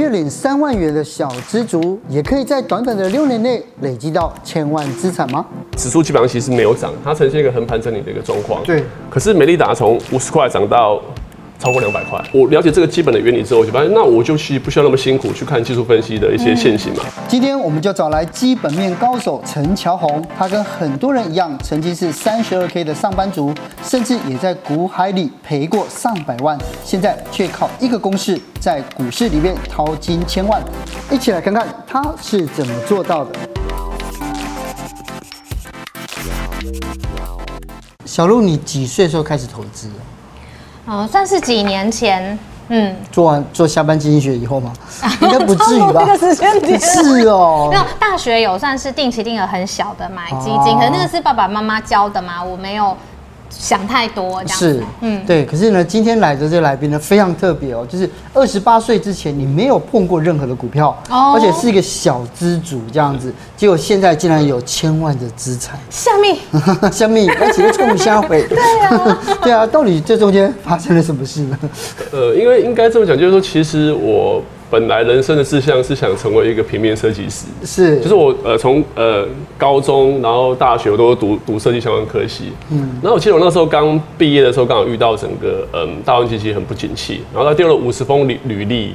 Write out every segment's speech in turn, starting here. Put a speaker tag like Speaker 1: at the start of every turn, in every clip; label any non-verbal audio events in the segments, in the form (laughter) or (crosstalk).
Speaker 1: 月領三萬元的小資族，也可以在短短的六年內累積到千萬資產嗎？
Speaker 2: 指數基本上其實沒有漲，它呈現一個橫盤整理的一個狀況。對，可是美利達從五十塊漲到。超過兩百塊。我了解這個基本的原理之後，我就發現，那我就去不需要那麼辛苦去看技術分析的一些線形，嗯、
Speaker 1: 今天我們就找來基本面高手陳喬泓，他跟很多人一樣，曾經是三十二 K 的上班族，甚至也在股海裡賠過上百萬，現在卻靠一個公式在股市裡面淘金千萬。一起來看看他是怎麼做到的。小路，你幾歲時候開始投資？
Speaker 3: 哦，算是幾年前，
Speaker 1: 嗯，做完做下班經濟學以後嗎？ (laughs) 應該不至於吧？ (laughs) 那 (laughs) 是哦，沒有。
Speaker 3: 大學有算是定期定額很小的買基金，啊、可是那個是爸爸媽媽教的嘛，我沒有。想太多是，嗯，對。
Speaker 1: 可是呢，今天來的這個來賓呢，非常特別哦、喔，就是二十八歲之前你沒有碰過任何的股票，哦，而且是一個小資族這樣子，結果現在竟然有千萬的資產，麼笑面，笑面，而且又衝不相回， (laughs) 對啊， (laughs) 對啊，到底這中間發生了什麼事呢？
Speaker 2: 呃，因為應該這麼講，就是說，其實我。本來人生的志向是想成為一個平面設計師，是，就是我呃從呃高中然後大學我都讀讀設計相關科系，嗯，然後我記得我那時候剛畢業的時候剛好遇到整個嗯、呃、大環境其實很不景氣，然後他丟了五十封履履歷，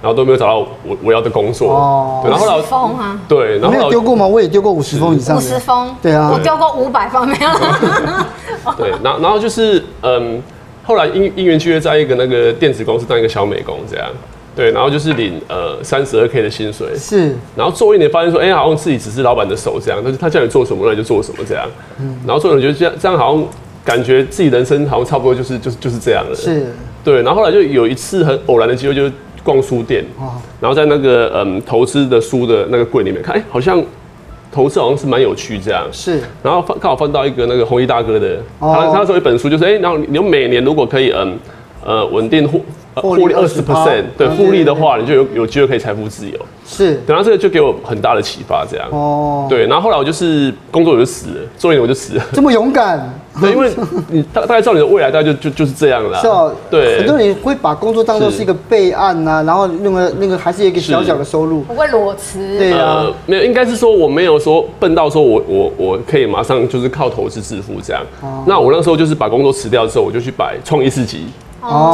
Speaker 2: 然後都沒有找到我我要的工
Speaker 1: 作
Speaker 2: 哦，然後五十封啊，對，然後丟過
Speaker 1: 嗎？我也丟過五十封以上，五十
Speaker 3: 封，對啊，我丟過五百封沒
Speaker 2: 有，對， (laughs) 對，然後然後就是嗯、呃、後來因因緣際遇在一個那個電子公司當一個小美工這樣。對，然後就是領呃三十二 K 的薪水，是，然後做一年發現說，哎、欸，好像自己只是老板的手這樣，但是他叫你做什麼，那你就做什麼這樣，嗯，然後做的人覺得這樣這樣好像感覺自己人生好像差不多就是就是就是這樣了，是，對，然後後來就有一次很偶然的機會就是逛書店，哦、然後在那個嗯投資的書的那個櫃裡面看，哎、欸，好像投資好像是蠻有趣這樣，是，然後放剛好翻到一個那個紅衣大哥的，哦、他他做一本書就是，哎、欸，然後你每年如果可以，嗯。呃，穩定獲獲利二十 percent，對複利的話，你就有有機會可以財富自由。是，等到這個就給我很大的啟發，這樣。哦，對，然後後來我就是工作我就辭了，做一年我就辭了。
Speaker 1: 這麼勇敢，對，因為你
Speaker 2: 大大概照你的未來大概就就就是這樣了。是哦對。很多人
Speaker 1: 會把工作當做是一個備案吶，然後那個那個還是一個小小的收入。不會
Speaker 3: 裸辭。對
Speaker 2: 啊，沒有，應該是說我沒有說笨到說我我我可以馬上就是靠投資致富這樣。哦。那我那時候就是把工作辭掉之後，我就去擺創意市集。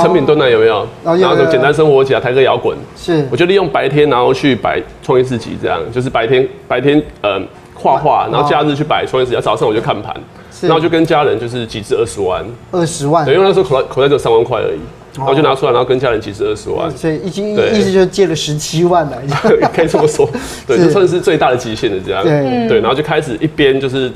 Speaker 2: 成品端呢有沒有？然後就簡單生活起來，抬個搖滾。是，我就利用白天，然後去擺創意市集，這樣就是白天白天嗯，畫畫，然後假日去擺創意市集。早上我就看盤，然後就跟家人就是集資二十萬。
Speaker 1: 二十萬？對，因
Speaker 2: 為那時候口袋口袋只有三萬塊而已，然後就拿出來，然後跟家人集資二十萬。所以已
Speaker 1: 經意思就借了十七萬了，可以這麼說，
Speaker 2: 這算是最大的極限了。這樣對對，然後就開始一邊就是。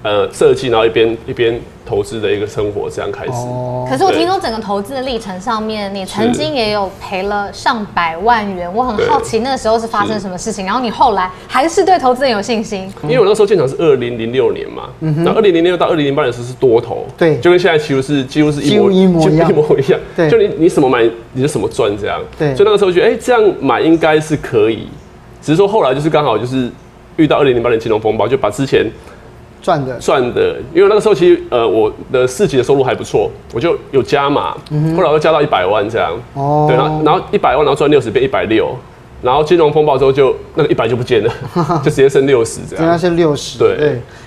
Speaker 2: 呃，設計，然後一邊一邊投資的一個生活這樣開始。哦。可是我聽說
Speaker 3: 整個投資的歷程上面，你曾經也有賠了上百萬元，是我很好奇那個時候是發生什麼事情。是然後你後來還是對投資人有信心。嗯、因
Speaker 2: 為我那時候進場是二零零六年嘛，那二零零六到二零零八年的時候是多頭，對、嗯哼，就跟現在幾乎是幾乎是一模一模一樣。對一模一樣。對。就你你什麼買你就什麼賺這樣，對。就那個時候覺得哎、欸，這樣買應該是可以，只是說後來就是剛好就是遇到二零零八年金融風暴，就把之前。賺的賺的，因為那個時候其實呃我的四級的收入還不錯，我就有加碼，嗯、哼後來就加到一百萬這樣，哦、對，然後然後一百萬然後賺六十變一百六，然後金融風暴之後就那個一百就不見了，哈哈就直接剩六十
Speaker 1: 這樣，剩六十對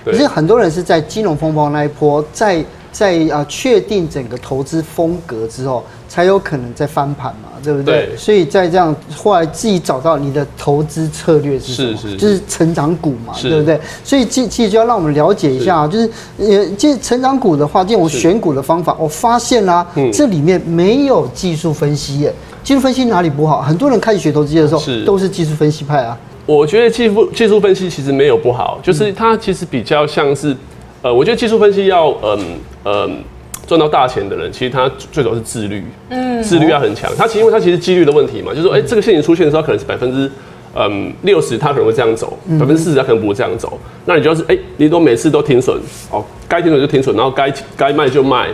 Speaker 1: 對，可是很多人是在金融風暴那一波在。在啊，確定整個投資風格之後，才有可能再翻盤嘛，對不對？對所以，在這樣後來自己找到你的投資策略是什麼？是，是，是就是成長股嘛，是對不對？所以，其其實就要讓我們了解一下、啊，是就是呃，成長股的話，這種選股的方法，是我發現啦、啊，嗯、這裡面沒有技術分析耶。技術分析哪裡不好？很多人開始學投資的時候，是都是技術分析派啊。
Speaker 2: 我覺得技術技術分析其實沒有不好，就是它其實比較像是。呃，我覺得技術分析要嗯、嗯、賺到大錢的人，其實他最主要是自律，嗯、自律要很強。哦、他其實因為他其實幾率的問題嘛，就是說，哎、欸，這個現金出現的時候可能是百分之嗯六十，他可能會這樣走，百分之四十他可能不會這樣走。那你要、就是哎、欸，你都每次都停損，哦，該停損就停損，然後該該賣就賣，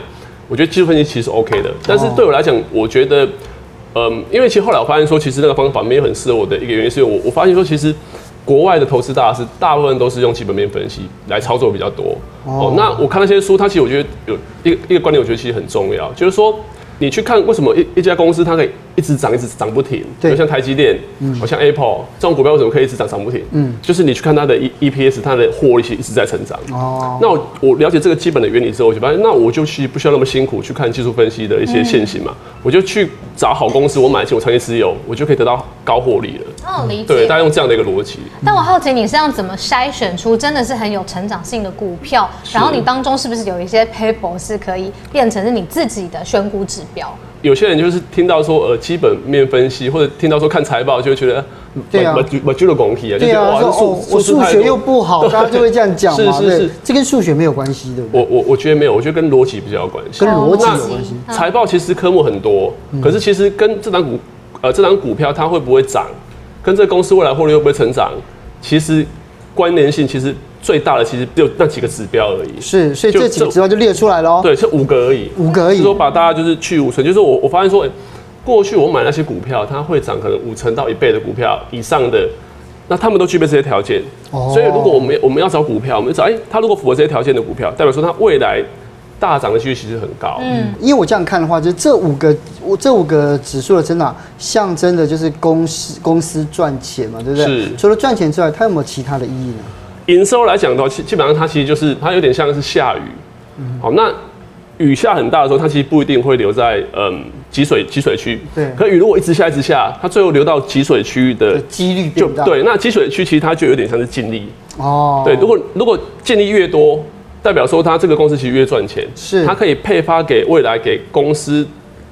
Speaker 2: 我覺得技術分析其實 OK 的。但是對我來講，我覺得嗯，因為其實後來我發現說，其實那個方法沒有很適合我的一個原因，是因為我我發現說其實。國外的投資大師大部分都是用基本面分析來操作比較多。Oh. 哦，那我看那些書，他其實我覺得有一個一個觀點，我覺得其實很重要，就是說你去看為什麼一一家公司它可以。一直漲，一直漲不停。對，像台積電，嗯，好像 Apple 這種股票，為什麼可以一直漲，漲不停？嗯，就是你去看它的 EPS，它的獲利是一直在成長。哦。那我我了解這個基本的原理之後，我就發現那我就去不需要那麼辛苦去看技術分析的一些線型嘛，嗯、我就去找好公司，我買進，我長期持有，我就可以得到高獲利了。哦，理
Speaker 3: 解。對，大家用
Speaker 2: 這樣的一個邏輯。嗯、
Speaker 3: 但我好奇你是要怎麼篩選出真的是很有成長性的股票？是然後你當中是不是有一些 paper 是可以變成是你自己的選股指標？
Speaker 2: 有些人就是聽到說呃基本面分析，或者聽到說看財報，就覺得沒、啊、就沒有邏輯，我
Speaker 1: 我數學又不好，他對就會這樣講嘛。是是是，這跟數學沒有關係，的
Speaker 2: 我我我覺得沒有，我覺得跟邏輯比較有關係，跟邏輯有關係。財那、嗯、報其實科目很多，可是其實跟這檔股呃這檔、個、股票它會不會漲，跟這公司未來獲利會不會成長，其實關聯性其實最大的其實就那幾個指標而已，
Speaker 1: 是，所以這幾個指標就列出來了。對，是五個而已，五個而已。就是說把
Speaker 2: 大家就是去五成，就是我我發現說，欸、
Speaker 1: 過去我買
Speaker 2: 那些股票，它會漲可能五成到一倍的股票以上的，那他們都具備這些條件。哦，所以如果我們我們要找股票，我們就找哎、欸，它如果符合這些條件的股票，代表說它未來大漲的幾率其實很高。
Speaker 1: 嗯，因為我這樣看的話，就是這五個我這五個指數的增長，象徵的就是公司公司賺錢嘛，對不對？是。除了賺錢之外，它有沒有其他的意義呢？
Speaker 2: 營收來講的話，基基本上，它其實就是它有點像是下雨，好、嗯哼哦，那雨下很大的時候，它其實不一定會留在嗯集水集水區，對。可雨如果一直下一直下，它最後流到集水區域的幾
Speaker 1: 率大就對。
Speaker 2: 那集水區其實它就有點像是淨利哦。
Speaker 1: 對，如
Speaker 2: 果如果淨利越多，代表說它這個公司其實越賺錢，是。它可以配發給未來給公司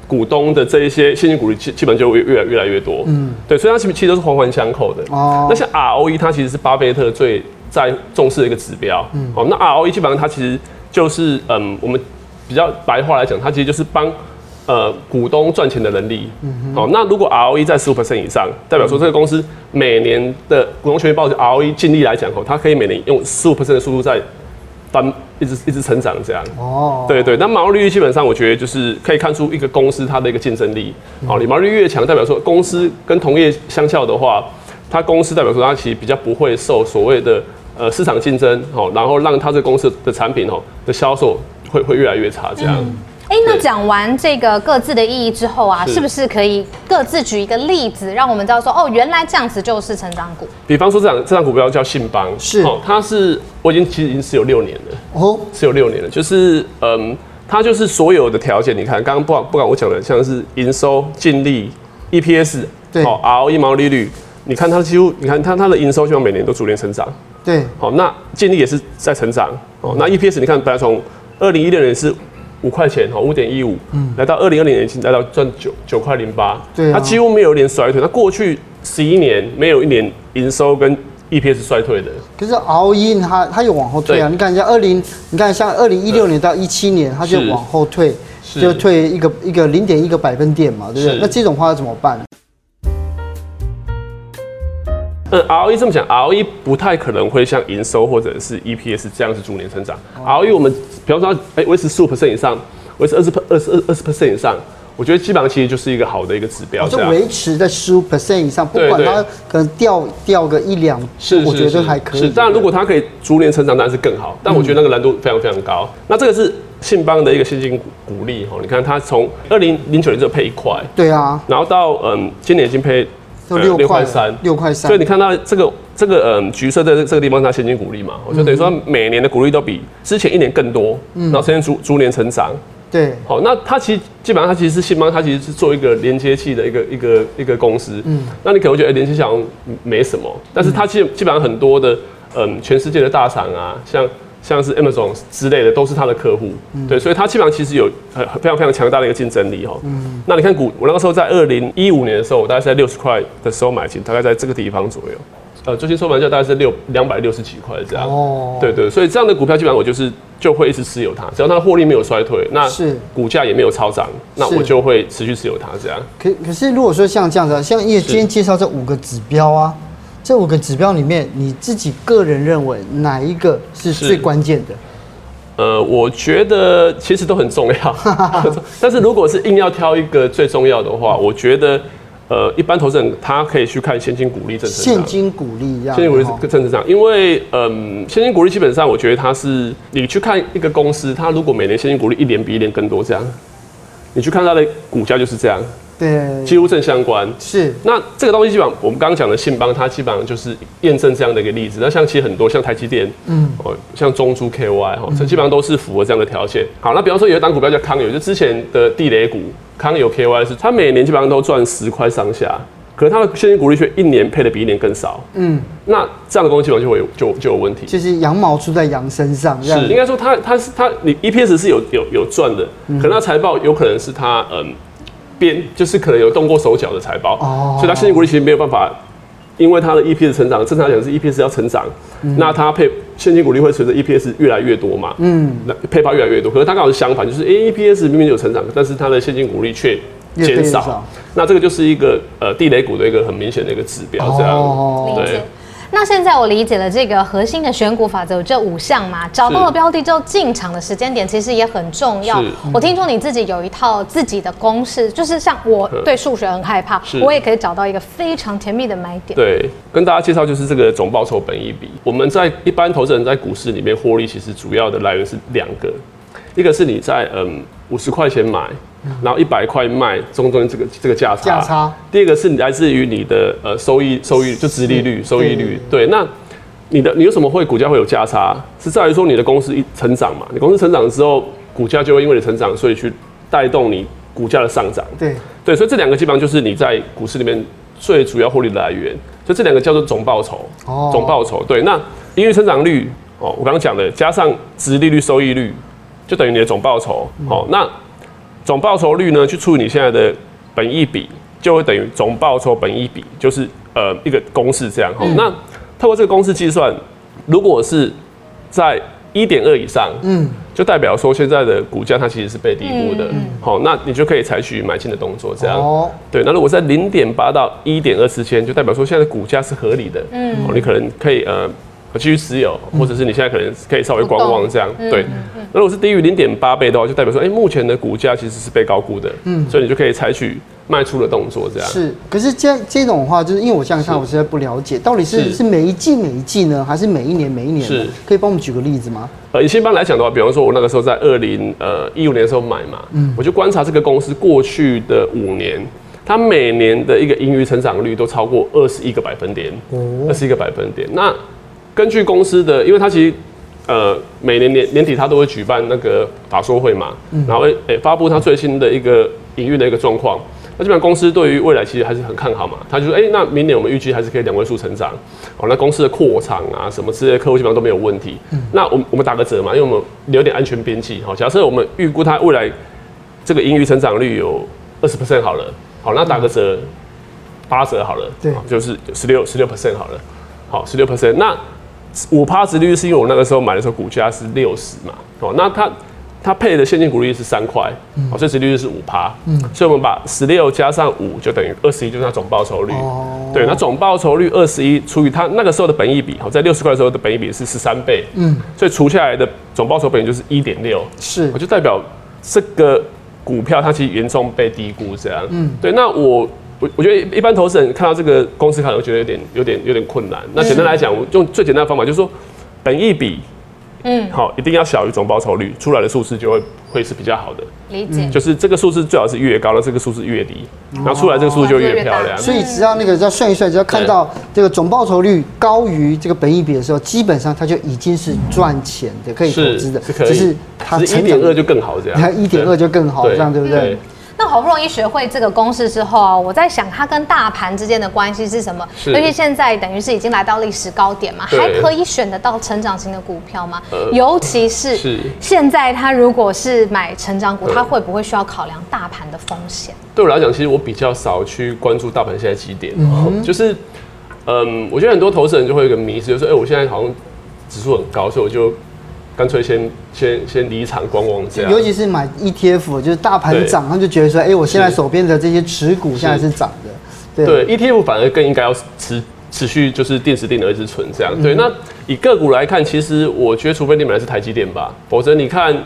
Speaker 2: 股東的這一些現金股利，基基本就越來越來越越多，嗯，對。所以它其實其實都是環環相扣的哦。那像 ROE，它其實是巴菲特最在重視的一個指標，嗯，哦、喔，那 ROE 基本上它其實就是，嗯，我們比較白話來講，它其實就是幫呃股東賺錢的能力，嗯哼，哦、喔，那如果 ROE 在十五%以上，代表說這個公司每年的股東權益報酬 ROE 盡力來講，哦、喔，它可以每年用十五%的速度在翻，一直一直成長這樣，哦，
Speaker 1: 對，對
Speaker 2: 對，那毛利率基本上我覺得就是可以看出一個公司它的一個競爭力，喔，你毛利率越強，代表說公司跟同業相較的話，它公司代表說它其實比較不會受所謂的。呃，市場競爭哦，然後讓他這個公司的產品哦的銷售會會越來越差，這樣。
Speaker 3: 哎，那講完這個各自的意義之後啊，是不是可以各自舉一個例子，讓我們知道說哦，原來這樣子就是成長股？
Speaker 2: 比方說，這這檔股票叫信邦，是，它是我已經其實已經有六年了，哦，是有六年了，就是嗯，它就是所有的條件，你看剛剛不管不管我講的像是營收、淨利、EPS，對哦，ROE 毛利率，你看它幾乎，你看它它的營收，希望每年都逐年成長。對，好，哦，那淨利也是在成長哦。那 EPS 你看，本來從二零一六年是五塊錢，哈，哦，五點一五，嗯，來到二零二零年已經來到賺九九塊零八，對，它幾乎沒有一年衰退，它過去十一年沒有一年營收跟 EPS 衰退的。
Speaker 1: 可是熬鷹它它，它有往後退啊，對你看一下二零，你看像二零一六年到一七年，嗯，它就往後退，是就退一個一個零點一個百分點嘛，對不對？是那這種話要怎麼辦？
Speaker 2: 嗯，ROE 這麼講，ROE 不太可能會像營收或者是 EPS 這樣子逐年成長。ROE 我們比方說，哎，維持十五 percent 以上，維持二十 per 二十二二十 percent 以上，我覺得基本上其實就是一個好的一個指標。就維
Speaker 1: 持在十五 percent 以上，不管它可能掉掉個一兩次，對對對我覺得還可以是是是是。是，但
Speaker 2: 如果它可以逐年成長，當然是更好。但我覺得那個難度非常非常高。嗯、那這個是信邦的一個現金股股利哈，你看它從二零零九年就配一塊，對啊，然後到嗯今年已經配。六塊、嗯、三，六塊三。所以你看到這個這個嗯、呃，橘色，在這這個地方它現金股利嘛，我、嗯、就等於說，每年的股利都比之前一年更多，嗯、然後現在逐逐年成長。對，好，那它其實基本上它其實是信邦，它其實是做一個連接器的一個一個一個公司。嗯，那你可能會覺得、欸、連接器好像沒什麼，但是它基基本上很多的嗯、呃，全世界的大廠啊，像。像是 Amazon 之類的，都是他的客戶，嗯、對，所以他基本上其實有非常非常強大的一個競爭力哈。嗯。那你看股，我那個時候在二零一五年的時候，我大概是在六十塊的時候買進，大概在這個地方左右。呃，最近收盤價大概是六兩百六十幾塊這樣。哦。對，對對，所以這樣的股票基本上我就是就會一直持有它，只要它的獲利沒有衰退，那是股價也沒有超漲，那我就會持續持有它這樣。
Speaker 1: 是 可可是如果說像這樣子，像你今天介紹這五個指標啊。這五個指標裡面，你自己個人認為哪一個是最關鍵的？
Speaker 2: 呃，我覺得其實都很重要， (laughs) 但是如果是硬要挑一個最重要的話，嗯、我覺得，呃，一般投資人他可以去看現金股利政策，現
Speaker 1: 金股利呀，現金股利
Speaker 2: 政策上，因為嗯，現金股利基本上，我覺得它是你去看一個公司，它如果每年現金股利一年比一年更多這樣，你去看它的股價就是這樣。對，幾乎正相關。是。那這個東西基本上，我們剛剛講的信邦，它基本上就是驗證這樣的一個例子。那像其實很多像台積電，嗯，哦，像中租 KY 哈、哦，這、嗯、基本上都是符合這樣的條件。好，那比方說，有一檔股票叫康友，就之前的地雷股康友 KY，是它每年基本上都賺十塊上下，可是它的現金股利卻一年配的比一年更少。
Speaker 1: 嗯，那
Speaker 2: 這樣的東西基本上就會就就有問
Speaker 1: 題。其實羊毛出在羊身上，是。應
Speaker 2: 該說它，它它是它，你 EPS 是有有有賺的，可能它財報有可能是它嗯。嗯編就是可能有動過手腳的財報哦，所以它現金股利其實沒有辦法，因為它的 EPS 成長，正常來講是 EPS 要成長，嗯、那它配現金股利會隨着 EPS 越來越多嘛？嗯，那配發越來越多，可是它剛好是相反，就是哎、欸、EPS 明明有成長，但是它的現金股利卻減少，少，那這個就是一個呃地雷股的一個很明顯的一個指標，哦、這樣對。
Speaker 3: 那現在我理解了這個核心的選股法則有這五項嘛？找到了標的之後，進場的時間點其實也很重要。是我聽說你自己有一套自己的公式，就是像我對數學很害怕，呵我也可以找到一個非常甜蜜的買點。
Speaker 2: 對，跟大家介紹就是這個總報酬本益比，我們在一般投資人在股市裡面獲利，其實主要的來源是兩個，一個是你在嗯五十塊錢買。然後一百塊賣，中間這個這個價差。價差。第二個是你來自於你的呃收益收益，就殖利率收益率。對。那你的你有什麼會股價會有價差？實是在於說你的公司一成長嘛？你公司成長之後，股價就會因為你成長，所以去帶動你股價的上漲。對。對，所以這兩個基本上就是你在股市裡面最主要獲利的來源。所以這兩個叫做總報酬哦，總報酬。對。那因為成長率哦，我剛剛講的加上殖利率收益率，就等於你的總報酬、嗯、哦。那總報酬率呢，去除以你現在的本益比，就會等於總報酬本益比，就是呃一個公式這樣哈。嗯、那透過這個公式計算，如果是在一點二以上，嗯，就代表說現在的股價它其實是被低估的，好，那你就可以採取買進的動作這樣。對，那如果在零點八到一點二之間，就代表說現在的股價是合理的，嗯，你可能可以呃。繼續持有，或者是你現在可能可以稍微觀望這樣。嗯、對，嗯嗯嗯、如果是低於零點八倍的話，就代表說，哎、欸，目前的股價其實是被高估的。嗯，所以你就可以採取賣出的動作這樣。是，
Speaker 1: 可是這樣這種的話，就是因為我向上，我實在不了解，是到底是是，是每一季每一季呢，還是每一年每一年？是，可以幫我們舉個例子嗎？
Speaker 2: 呃，以一般來講的話，比方說，我那個時候在二零呃一五年的時候買嘛，嗯，我就觀察這個公司過去的五年，它每年的一個盈餘成長率都超過二十一個百分點，二十一個百分點，那。根據公司的，因為它其實，呃，每年年年底它都會舉辦那個法說會嘛，然後哎、欸欸、發布它最新的一個營運的一個狀況。那基本上公司對於未來其實還是很看好嘛。他就說，欸、那明年我們預計還是可以兩位數成長。好，那公司的擴廠啊什麼之類的客戶基本上都沒有問題。嗯、那我們我們打個折嘛，因為我們留點安全邊際。好、喔，假設我們預估它未來這個盈餘成長率有二十 percent 好了。好，那打個折，八、嗯、折好了，對，就是十六十六 percent 好了。好，十六 percent 那。五趴殖率，是因為我那個時候買的時候股價是六十嘛，哦，那它它配的現金股利是三塊，哦、嗯，所以殖率就是五趴，嗯，所以我們把十六加上五就等於二十一，就是它總報酬率，哦、對，那總報酬率二十一除以它那個時候的本益比，哦，在六十塊的時候的本益比是十三倍，嗯，所以除下來的總報酬本益就是一點六，是，我就代表這個股票它其實嚴重被低估，這樣，嗯，對，那我。我我覺得一般投資人看到這個公式可能覺得有點有點有點困難。那簡單來講，我用最簡單的方法就是說，本益比，
Speaker 3: 嗯，好，
Speaker 2: 一定要小於總報酬率，出來的數字就會會是比較好的。理解。就是這個數字最好是越高，那這個數字越低，然後出來這個數字就越漂亮。哦、越越所以只
Speaker 1: 要那個要算一算，只要看到對這個總報酬率高於這個本益比的時候，基本上它就已經是賺錢的，可以投資的。是。是，是它一點二就更好這樣。它一點二就更好這樣對不對？對對
Speaker 3: 好不容易學會這個公式之後啊，我在想它跟大盤之間的關係是什麼？而且是現在等於是已經來到歷史高點嘛，對還可以選得到成長型的股票嗎？呃、尤其是現在，他如果是買成長股，他是會不會需要考量大盤的風險、嗯？
Speaker 2: 對我來講，其實我比較少去關注大盤現在幾點，哦嗯、哼就是嗯、呃，我覺得很多投資人就會有個迷思，就是、說哎、欸，我現在好像指數很高，所以我就。乾脆先先先離場觀望這樣。尤其是買
Speaker 1: ETF，就是大盤漲，對他就覺得說，哎、欸，我現在手邊的這些持股現在是漲的。是對，
Speaker 2: 對，ETF 反而更應該要持持續就是定時定額，一直存這樣。對，嗯、哼那以個股來看，其實我覺得除非你買的是台積電吧，否則你看，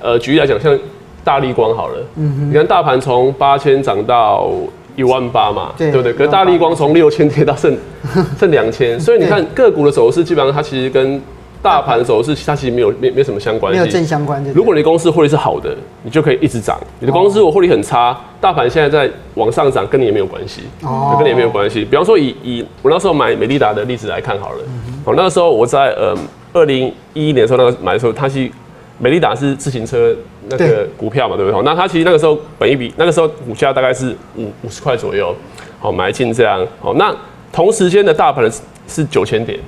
Speaker 2: 呃，舉例來講，像大立光好了，嗯、哼你看大盤從八千漲到一萬八嘛，對，對不對？對可是大立光從六千跌到剩對剩兩千，所以你看個股的走勢，基本上它其實跟。大盤走勢，其他其實沒有沒沒什麼相關性。沒有正相關，對對對。如果你公司獲利是好的，你就可以一直漲。你的公司如果獲利很差，哦、大盤現在在往上漲，跟你也沒有關係哦，跟你也沒有關係。比方說以以我那時候買美利達的例子來看好了，我、嗯哼喔、那個時候我在嗯二零一一年的時候那個買的時候，它是美利達是自行車那個股票嘛，對不對？好，那它其實那個時候本益比那個時候股價大概是五五十塊左右，好、喔、買進這樣。好、喔，那同時間的大盤是是九千點。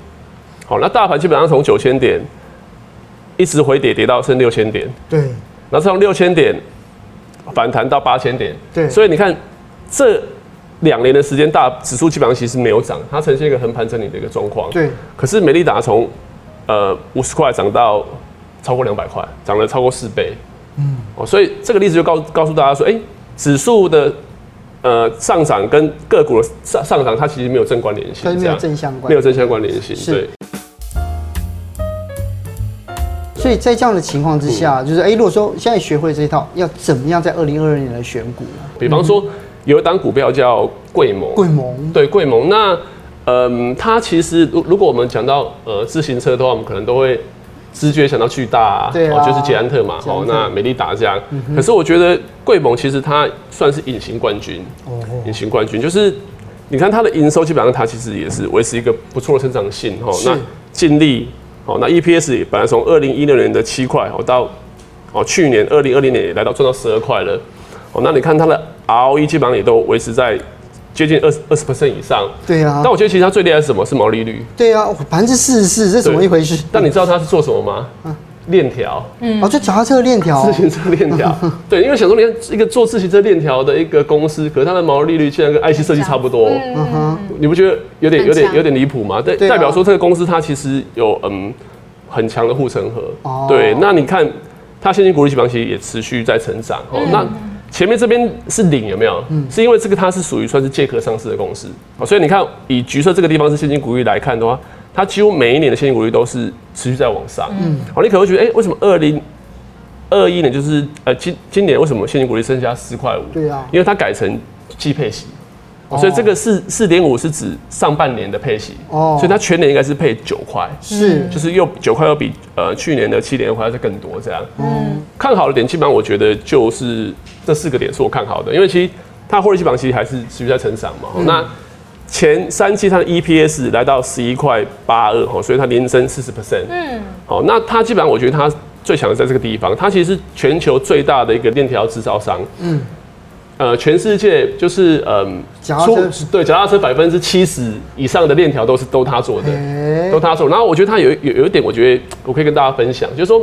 Speaker 2: 好，那大盤基本上從九千點，一直回跌，跌到剩六千點。對。然後從六千點反彈到八千點。對。所以你看，這兩年的時間，大指數基本上其實沒有漲，它呈現一個橫盤整理的一個狀況。對。可是美利達從呃五十塊漲到超過兩百塊，漲了超過四倍。嗯。哦，所以這個例子就告訴告訴大家說，哎、欸，指數的。呃，上漲跟個股的上上漲，它其實沒有正關聯性，所以沒有正沒有正相關聯性，這樣，
Speaker 1: 對。所以在這樣的情況之下，嗯、就是哎、欸，如果說現在學會這一套，要怎麼樣在二零二二年來選股呢？
Speaker 2: 比方說，嗯、有一檔股票叫桂盟，桂盟，對桂盟，那，嗯、呃，它其實如如果我們講到呃自行車的話，我們可能都會。直覺想到巨大、啊對啊、哦，就是捷安特嘛，特哦，那美利達這樣，嗯、哼可是我覺得桂盟其實它算是隱形冠軍，哦、嗯哼，隱形冠軍就是，你看它的營收基本上，它其實也是維持一個不錯的成長性，哦，是那淨利，哦，那 EPS 本來從二零一六年的七塊，哦到，哦去年二零二零年也來到賺到十二塊了，哦，那你看它的 ROE 基本上也都維持在。接近二二十%以上，對啊。但我覺得其實它最厲害是什麼？是毛利率。
Speaker 1: 對啊，百分之四十四，這怎麼一回事？
Speaker 2: 但你知道它是做什麼嗎？嗯，鏈條。
Speaker 1: 嗯，哦，就講到這個鏈條。自行車鏈條。
Speaker 2: 對，因為想說，你看一個做自行車鏈條的一個公司，可是它的毛利率竟然跟 IC 設計差不多，嗯，你不覺得有點有點有點離譜嗎？代代表說這個公司它其實有嗯很強的護城河。哦。對，那你看它現金股利水平其實也持續在成長。哦，那。前面這邊是零有沒有？嗯，是因為這個它是屬於算是借殼上市的公司，所以你看以橘色這個地方是現金股利來看的話，它幾乎每一年的現金股利都是持續在往上。嗯，好，你可能會覺得，哎、欸，為什麼二零二一年就是呃今今年為什麼現金股利剩下四塊五？對啊，因為它改成季配型。所以這個四四點五是指上半年的配息，哦，oh. 所以它全年應該是配九塊，是，就是又九塊又比呃去年的七點五塊要再更多這樣，嗯，看好的點基本上我覺得就是這四個點是我看好的，因為其實它獲基本上其實還是持續在成長嘛，嗯、那前三期它的 EPS 來到十一塊八二哈，所以它連升四十 percent，嗯、好、哦，那它基本上我覺得它最強的在這個地方，它其實是全球最大的一個鏈條製造商，嗯。呃，全世界就是嗯，呃、腳踏車出對腳踏車對腳踏車百分之七十以上的鏈條都是都他做的，
Speaker 1: 欸、都
Speaker 2: 他做。然後我覺得他有有有一點，我覺得我可以跟大家分享，就是說，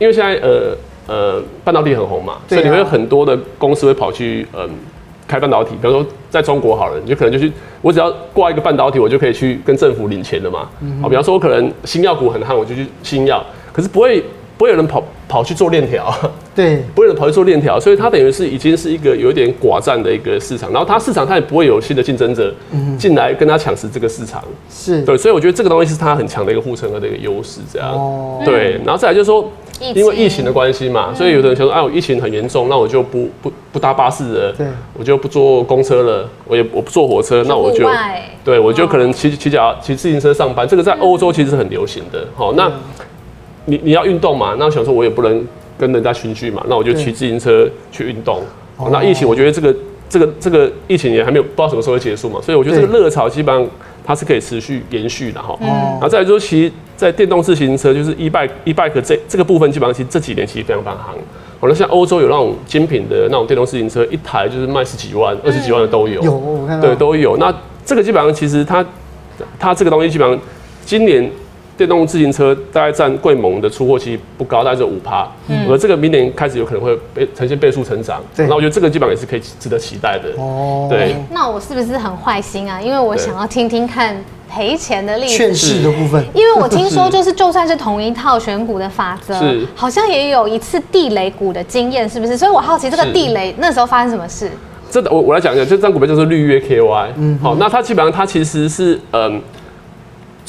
Speaker 2: 因為現在呃呃半導體很紅嘛，啊、所以你會有很多的公司會跑去嗯、呃、開半導體，比如說在中國好了，你就可能就去，我只要掛一個半導體，我就可以去跟政府領錢了嘛。好、嗯哼啊，比方說我可能新藥股很夯，我就去新藥，可是不會不會有人跑跑去做鏈條。對，不能跑去做鏈條，所以它等於是已經是一個有點寡佔的一個市場。然後它市場它也不會有新的競爭者進來跟他搶食這個市場。是、嗯哼，對，所以我覺得這個東西是它很強的一個護城河的一個優勢。這樣，哦、對。然後再來就是說，情因為疫情的關係嘛，嗯、所以有的人想說，哎、啊，我疫情很嚴重，那我就不不不搭巴士了，對我就不坐公車了，我也我不坐火車，那我就，外對我就可能騎騎腳騎自行車上班。這個在歐洲其實是很流行的。好，那，嗯、你你要運動嘛，那想說我也不能。跟人家群聚嘛，那我就騎自行車去運動對。那疫情，我覺得這個這個這個疫情也還沒有不知道什麼時候會結束嘛，所以我覺得這個熱潮基本上它是可以持續延續的哈。對然後再來說，其實在電動自行車，就是 e bike, e bike 這這個部分，基本上其實這幾年其實非常非常行。好了，像歐洲有那種精品的那種電動自行車，一台就是賣十幾萬、二十、嗯、幾萬的都有。有，
Speaker 1: 我看到。
Speaker 2: 對，都有。那這個基本上其實它它這個東西基本上今年。電動自行車大概占桂盟的出貨期不高，大概是五趴，嗯、而這個明年開始有可能會呈現倍數成長，那、嗯、我覺得這個基本上也是可以值得期待的。哦，對。
Speaker 3: 那我是不是很壞心啊？因為我想要聽聽看賠錢的例子，勸世的部
Speaker 1: 分。是因為我聽說就
Speaker 3: 是就算是同一套選股的法則，是，是好像也有一次地雷股的經驗，是不是？所以我好奇這個地雷那時候發生什麼事。
Speaker 2: 這我我來講一下這張股票就是綠悅 KY，嗯哼，好，那它基本上它其實是嗯。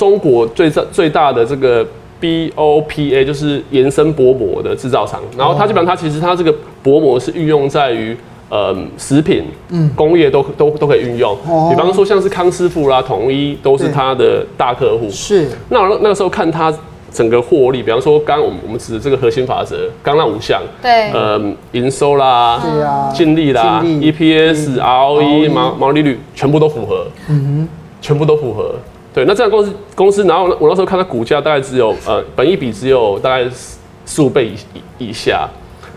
Speaker 2: 中國最最最大的這個 B O P A 就是延伸薄膜的製造廠，然後它基本上它其實它這個薄膜是運用在於嗯食品、嗯工業都都都可以運用，比方說像是康師傅啦、統一都是它的大客戶。是。那那個時候看它整個獲利，比方說剛我們我們指的這個核心法則，剛那五項，對，呃營收啦，對啊，淨利啦，EPS、ROE、毛毛利率全部都符合，嗯哼，全部都符合。嗯哼對，那這樣公司公司，然後我我那時候看它股價大概只有呃，本益比只有大概四四五倍以以下，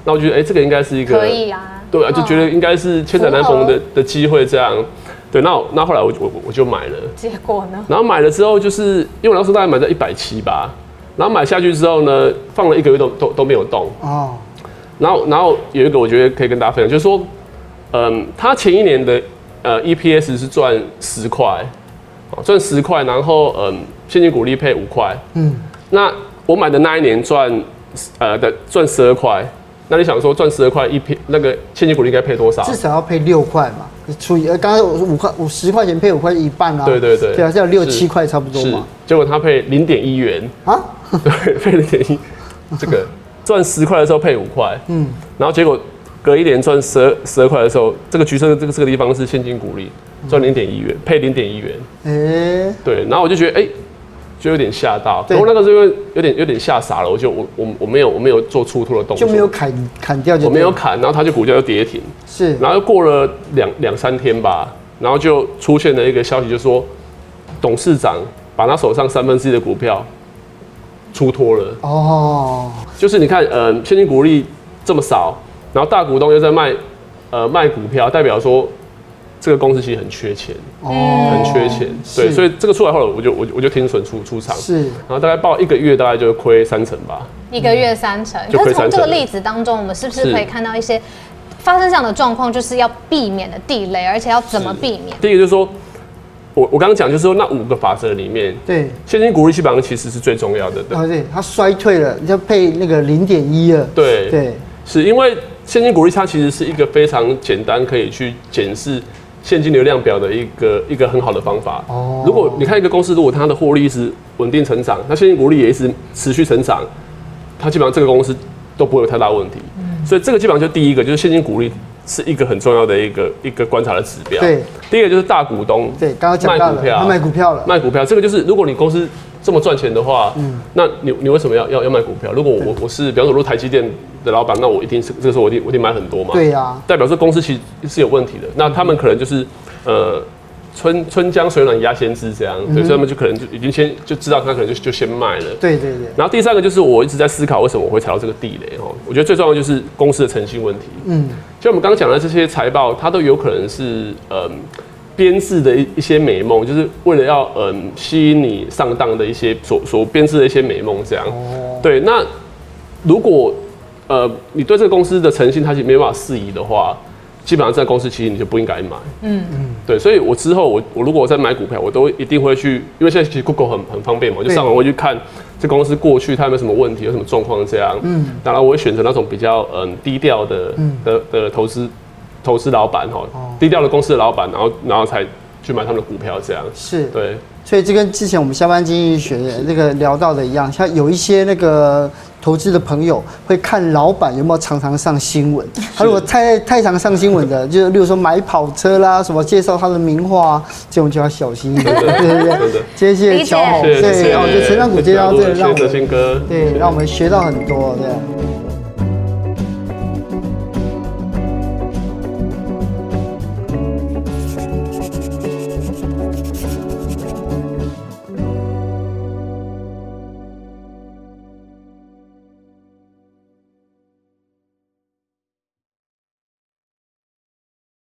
Speaker 2: 那我覺得哎、欸，這個應該是一個可以
Speaker 3: 啊，對啊，嗯、就覺得應
Speaker 2: 該是千載難逢的紋的機會這樣，對，那那後來我我我就買了，
Speaker 3: 結果呢？然後
Speaker 2: 買了之後就是，因為我那時候大概買在一百七吧，然後買下去之後呢，放了一個月都都都沒有動、哦、然後然後有一個我覺得可以跟大家分享，就是說，嗯，它前一年的呃 EPS 是賺十塊。賺十塊，然後嗯，現金股利配五塊。嗯，那我買的那一年賺呃的賺十二塊，那你想說賺十二塊一配那個現金股利該配多少？至
Speaker 1: 少要配六塊嘛，除以呃，剛才我說五塊五十塊錢配五塊一半啊。對對對，還是要六七塊差不多嘛。
Speaker 2: 結果它配零點一元啊？ (laughs) 對，配零點一，這個賺十塊的時候配五塊，嗯，然後結果。隔一年賺十二十二塊的時候，這個橘色這個這個地方是現金股利，賺零點一元，配零點一元，
Speaker 1: 欸、
Speaker 2: 對，然後我就覺得哎、欸，就有點嚇到，然後對那個時候有點有點嚇傻了，我就我我我沒有我沒有做出脫的動作，就沒有
Speaker 1: 砍砍掉就，我沒有砍，
Speaker 2: 然後它就股價又跌停，是，然後過了兩兩三天吧，然後就出現了一個消息，就是說董事長把他手上三分之一的股票出脫
Speaker 1: 了，
Speaker 2: 哦，就是你看，嗯，現金股利這麼少。然後大股東又在賣，呃，賣股票，代表說這個公司其實很缺錢，哦，很缺錢，對，是所以這個出來後來我，我就我我就停損出出場是，然後大概抱一個月，大概就虧三成吧，
Speaker 3: 一個月三成，可是從這個例子當中，我們是不是可以看到一些發生這樣的狀況，就是要避免的地雷，是而且要怎麼避免？
Speaker 2: 第一個就是說我我剛剛講，就是說那五個法則裡面，對，現金股利基本上其實是最重要的，對
Speaker 1: 哦，對，它衰退了，你要配那個零點一了，對，對，
Speaker 2: 是因為。現金股利差其實是一個非常簡單可以去檢視現金流量表的一個一個很好的方法。哦，如果你看一個公司，如果它的獲利一直穩定成長，那現金股利也一直持續成長，它基本上這個公司都不會有太大問題。嗯，所以這個基本上就第一個，就是現金股利是一個很重要的一個一個觀察的指標。對，第一個就是大股東股，對，
Speaker 1: 剛剛講到了，股
Speaker 2: 票了，賣股票，這個就是如果你公司。這麼賺錢的話，嗯，那你你為什麼要要要賣股票？如果我對我是，比方說，如果台積電的老闆，那我一定是這個時候我一定我一定買很多嘛，對呀、啊，代表說公司其實是有問題的。那他們可能就是，呃，春春江水暖鴨先知這樣，嗯、哼所以他們就可能就已經先就知道，他可能就就先賣了。對對對。然後第三個就是我一直在思考，為什麼我會踩到這個地雷哦？我覺得最重要的就是公司的誠信問題。嗯，就我們剛剛講的這些財報，它都有可能是嗯。呃編織的一一些美夢，就是為了要嗯吸引你上當的一些所所編織的一些美夢，這樣。哦。對，那如果呃你對這個公司的誠信，它其實沒辦法質疑的話，基本上這個公司其實你就不應該買。嗯嗯。對，所以我之後我我如果我再買股票，我都一定會去，因為現在其實 Google 很很方便嘛，我就上網我去看這公司過去它有沒有什麼問題，有什麼狀況這樣。嗯。當然，我會選擇那種比較嗯低調的的的,的投資。投資老闆哈，低調的公司的老闆，然後然後才去買他們的股票這樣。是對，
Speaker 1: 所以就跟之前我們下班經濟學的那個聊到的一樣，像有一些那個投資的朋友會看老闆有沒有常常上新聞，他如果太太常上新聞的，就是例如說，買跑車啦，什麼介紹他的名畫，這種就要小心一點。對對對，謝謝喬泓，對，謝謝陳長谷，謝謝新哥，對，讓我們學到很多對。